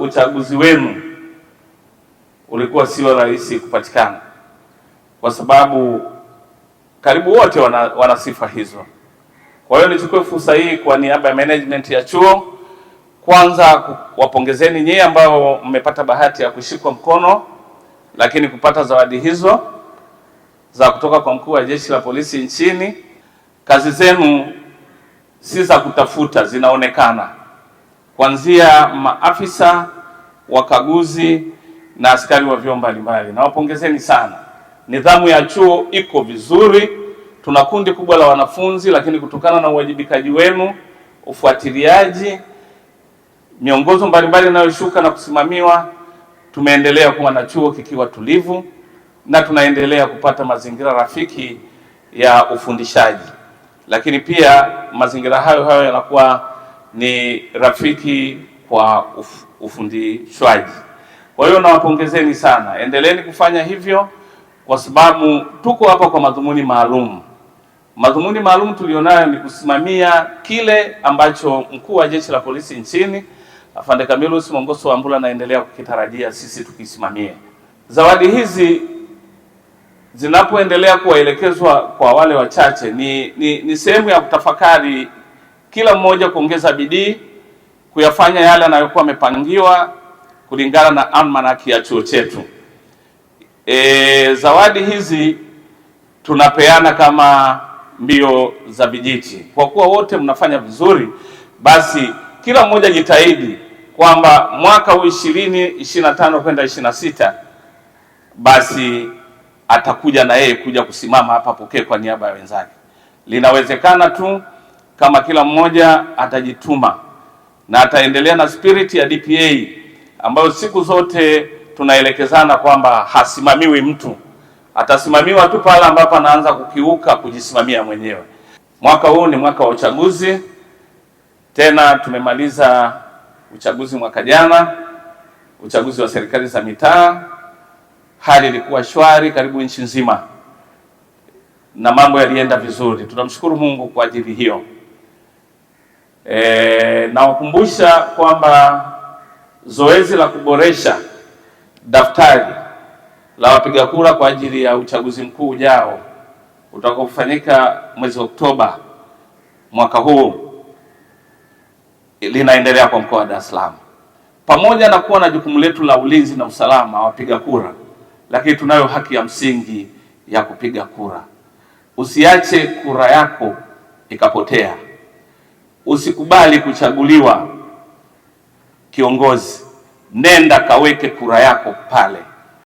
uchaguzi wenu ulikuwa sio rahisi kupatikana, kwa sababu karibu wote wana, wana sifa hizo. Kwa hiyo nichukue fursa hii kwa niaba ya management ya chuo kwanza wapongezeni nyie ambao mmepata bahati ya kushikwa mkono, lakini kupata zawadi hizo za kutoka kwa mkuu wa jeshi la polisi nchini. Kazi zenu si za kutafuta, zinaonekana kuanzia maafisa wakaguzi na askari wa vyombo mbalimbali. Nawapongezeni sana. Nidhamu ya chuo iko vizuri, tuna kundi kubwa la wanafunzi, lakini kutokana na uwajibikaji wenu, ufuatiliaji, miongozo mbalimbali inayoshuka na kusimamiwa, tumeendelea kuwa na chuo kikiwa tulivu na tunaendelea kupata mazingira rafiki ya ufundishaji, lakini pia mazingira hayo hayo yanakuwa ni rafiki kwa uf, ufundishwaji. Kwa hiyo nawapongezeni sana, endeleeni kufanya hivyo kwa sababu tuko hapa kwa madhumuni maalum. Madhumuni maalum tulionayo ni kusimamia kile ambacho mkuu wa jeshi la polisi nchini afande Camillus Mongoso Wambura anaendelea kukitarajia sisi tukisimamie. Zawadi hizi zinapoendelea kuwaelekezwa kwa wale wachache, ni, ni, ni sehemu ya kutafakari kila mmoja kuongeza bidii kuyafanya yale anayokuwa amepangiwa kulingana na almanaki ya chuo chetu. E, zawadi hizi tunapeana kama mbio za vijiti. Kwa kuwa wote mnafanya vizuri, basi kila mmoja jitahidi kwamba mwaka huu ishirini ishirini na tano kwenda ishirini na sita basi atakuja na yeye kuja kusimama hapa pokee kwa niaba ya wenzake. Linawezekana tu kama kila mmoja atajituma na ataendelea na spirit ya DPA ambayo siku zote tunaelekezana kwamba hasimamiwi mtu, atasimamiwa tu pale ambapo anaanza kukiuka kujisimamia mwenyewe. Mwaka huu ni mwaka wa uchaguzi, tena tumemaliza uchaguzi mwaka jana, uchaguzi wa serikali za mitaa. Hali ilikuwa shwari karibu nchi nzima na mambo yalienda vizuri. Tunamshukuru Mungu kwa ajili hiyo. E, nawakumbusha kwamba zoezi la kuboresha daftari la wapiga kura kwa ajili ya uchaguzi mkuu ujao utakaofanyika mwezi Oktoba mwaka huu linaendelea kwa mkoa wa Dar es Salaam. Pamoja na kuwa na jukumu letu la ulinzi na usalama wapiga kura, lakini tunayo haki ya msingi ya kupiga kura. Usiache kura yako ikapotea. Usikubali kuchaguliwa kiongozi, nenda kaweke kura yako pale.